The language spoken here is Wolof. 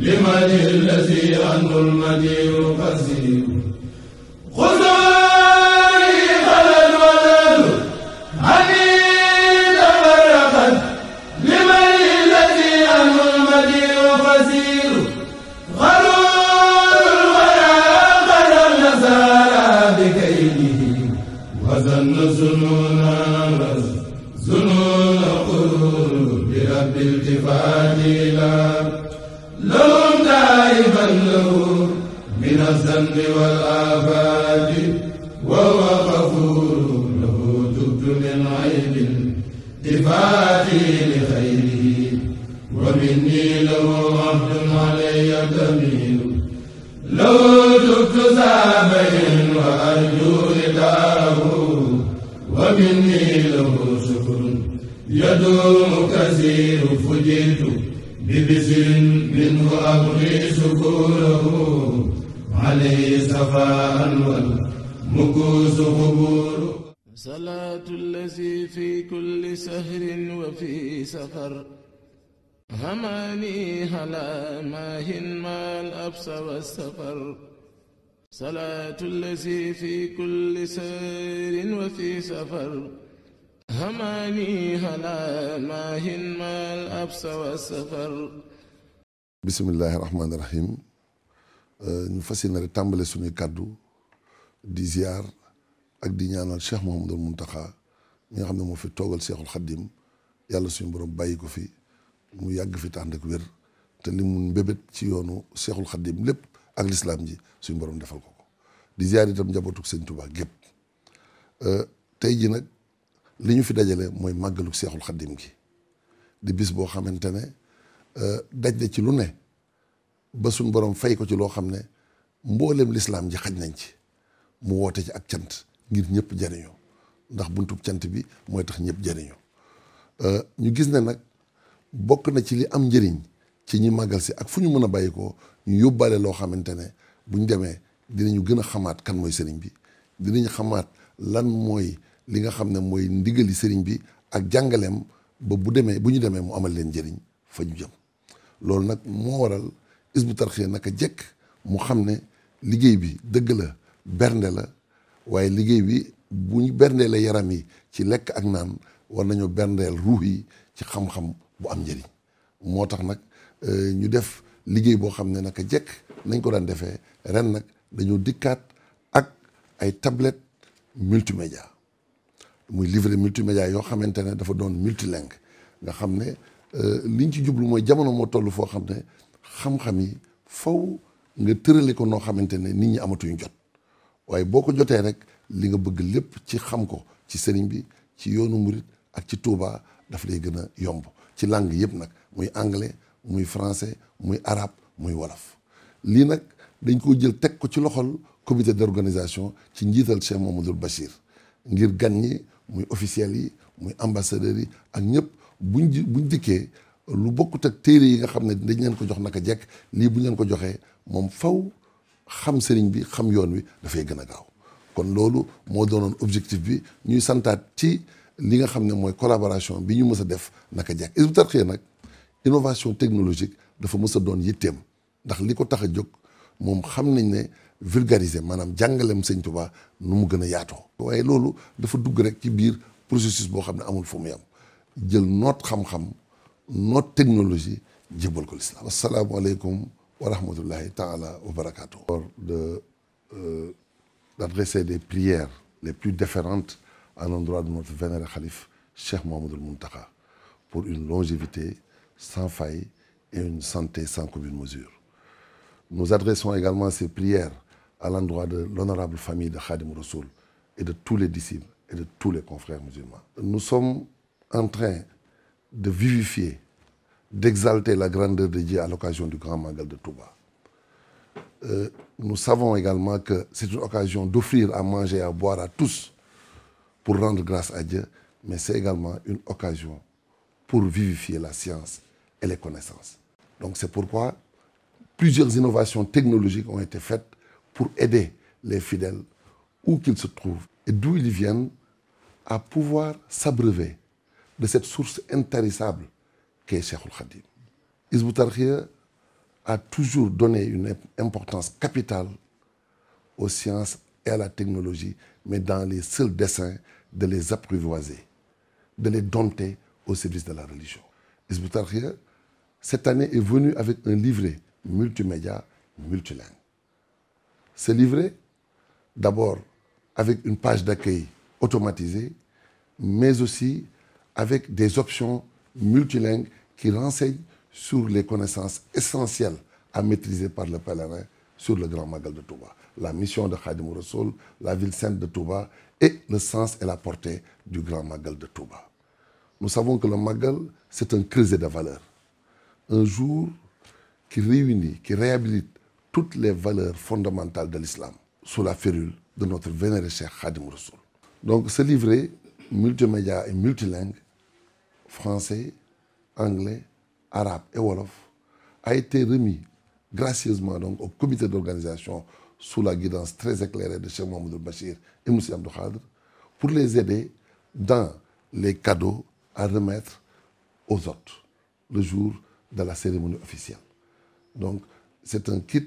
لمن الذي عنه المدير قصير خذ له من الذنب والآفات وهو غفور له تبت من عيب دفاعتي لخيره ومني له عهد علي ضمير لو تبت ثابين وأرجو رداءه ومني له شكر يدوم كثير فجئت ببزر منه أبغي شكوره عليه صفاء والمكوس قبور صلاة الذي في كل سهر وفي سفر هماني هلا ماهن ما الأبس والسفر صلاة الذي في كل سهر وفي سفر hamaani halaa maahin maal absa wa safar bismillaahi rahmaani rahiim euh, ñu fas yéene rek tàmbale suñuy kàddu di ziar ak di ñaanal Cheikh Mouhamadul Mountakha mi nga xam ne moo fi toogal Cheikhul Khadim yàlla suñu borom bàyyi ko fi mu yàgg fi tànd ak wér te li mu ci yoonu Cheikhul Khadim lép ak lislaam ji suñu borom defal ko ko di ziar itam njabootug Sëñ Tuubaa gépp euh, tey ji nag li ñu fi dajale mooy màggalu seexul xaddim gi di bis boo xamante ne euh, daj na ci lu ne ba suñ borom fay ko ci loo xam ne mboolem lislaam ji xaj nañ ci mu woote ci ak cant ngir ñëpp jariñoo ndax buntub cant bi mooy tax ñëpp jariñoo euh, ñu gis ne nag bokk na ci li am njëriñ ci ñi màggal si ak fu ñu mën a bàyyi ko ñu yóbbaale loo xamante ne buñ demee dinañu gën a xamaat kan mooy sëriñ bi dinañ xamaat lan mooy li nga xam ne mooy ndigali sëriñ bi ak jàngaleem ba bu demee bu ñu demee mu amal leen njëriñ fa ñu jëm loolu nag moo waral Hizbut Tarqiyyah naka jekk mu xam ne liggéey bi dëgg la bernde la waaye liggéey bi bu ñu berndeelee yaram yi ci lekk ak naan war nañoo berndeel ruux yi ci xam-xam bu am njëriñ moo tax nag euh, ñu def liggéey boo xam ne naka jekk nañ ko daan defee ren nag dañoo dikkaat ak ay tablette multimédia muy livre multimédia yoo xamante ne dafa doon multilingue nga xam ne euh, liñ ci jublu mooy jamono moo toll foo xam ne xam-xam yi faw nga tërale ko noo xamante ne nit ñi amatuñu jot waaye boo ko jotee rek li nga bëgg lépp ci xam ko ci sëriñ bi ci yoonu murit ak ci Touba daf lay gën a yomb ci langue yëpp nag muy anglais muy français muy arabe muy wolof lii nag dañ koo jël teg ko ci loxol comité d'organisation ci njiital Cheikh Mamadou Bachir ngir gan ñi muy officiels yi muy ambassadeurs yi ak ñëpp buñ ji buñ dikkee lu bokkut ak téere yi nga xam ne dañ leen ko jox naka jekk lii bu leen ko joxee moom faw xam sëriñ bi xam yoon wi dafay gën a gaaw kon loolu moo doonoon objectif bi ñuy santaat ci li nga xam ne mooy collaboration bi ñu mës a def naka jekk Hizbut Tarqiyyah nag innovation technologique dafa mës a doon yitteem ndax li ko tax a jóg moom xam nañ ne vulgariser maanaam jàngaleem sëñ Tuubaa nu mu gën a yaatoo. waaye loolu dafa dugg rek ci biir processus boo xam ne amul fu mu yem jël noot xam-xam noot technologie jébbal ko lislaam. asalaamaaleykum wa rahmatullahi taala wa barakaatu. de euh, d'adresser des prières les plus déférentes à l'endroit de notre vénéré khalife Cheikh Mouhamadoul Mountakha pour une longévité sans faille et une santé sans commune mesure. Nous adressons également ces prières à l'endroit de l'honorable famille de Khadim Rasoul et de tous les disciples et de tous les confrères musulmans. Nous sommes en train de vivifier, d'exalter la grandeur de Dieu à l'occasion du grand Magal de Touba. Euh, nous savons également que c'est une occasion d'offrir à manger et à boire à tous pour rendre grâce à Dieu, mais c'est également une occasion pour vivifier la science et les connaissances. Donc c'est pourquoi plusieurs innovations technologiques pour aider les fidèles, où qu'ils se trouvent et d'où ils viennent, à pouvoir s'abreuver de cette source intarissable qu'est Cheikhoul Khadim. Hizbut a toujours donné une importance capitale aux sciences et à la technologie, mais dans les seuls desseins de les apprivoiser, de les dompter au service de la religion. Hizbut Tarqiyyah, cette année, est venu avec un livret multimédia, multilingue. se livrer, d'abord avec une page d'accueil automatisée, mais aussi avec des options multilingues qui renseignent sur les connaissances essentielles à maîtriser par le pèlerin sur le Grand Magal de Touba, la mission de Khadim Rassoul, la ville sainte de Touba et le sens et la portée du Grand Magal de Touba. Nous savons que le Magal, c'est un creuset de valeurs. Un jour qui réunit, qui réhabilite toutes les valeurs fondamentales de l'islam sous la férule de notre vénéré Cheikh Khadim Rassoul. Donc ce livret multimédia et multilingue, français, anglais, arabe et wolof, a été remis gracieusement donc au comité d'organisation sous la guidance très éclairée de Cheikh Mahmoud Bachir et Moussi Abdou pour les aider dans les cadeaux à remettre aux autres le jour de la cérémonie officielle. Donc c'est un kit